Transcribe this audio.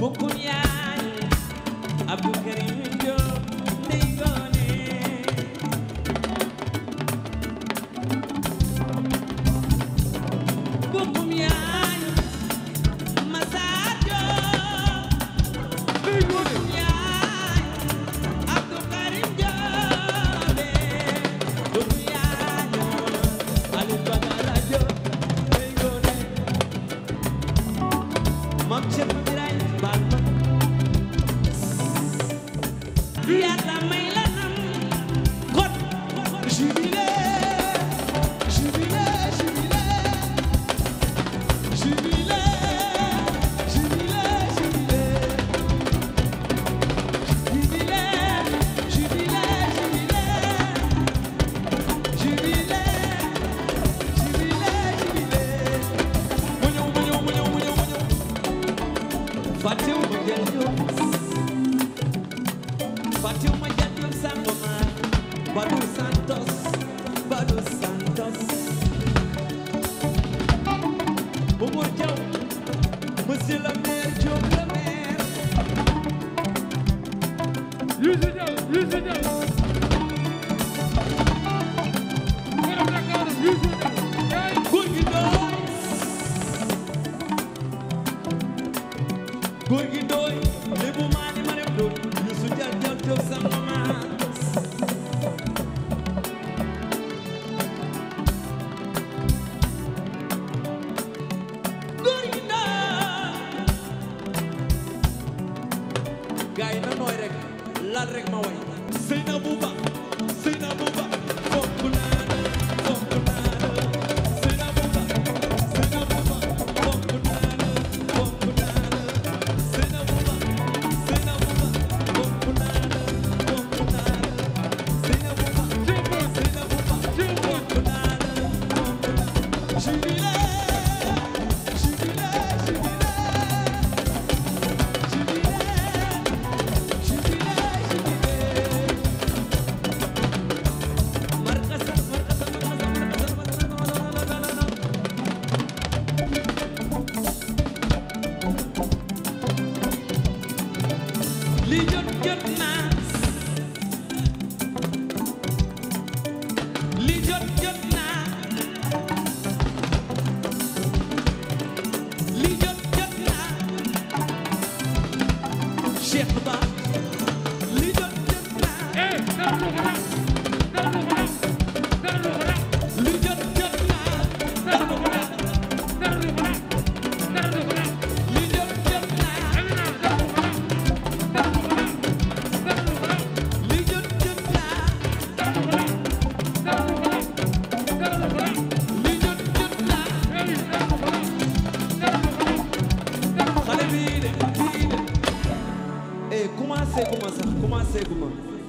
bukun yaay Abdou Karim Diop ndey goone bukun yaay Massa Diop bukun yaay Abdou Karim Diop bukun yaay Aliou Badara Diop ndey goone jubilé ma way Seynabou Ba li jot jot naa li jot jot naa li jot jot naa Cheikh Ba li jot jot naa eh, commencé gu ma sax commencé gu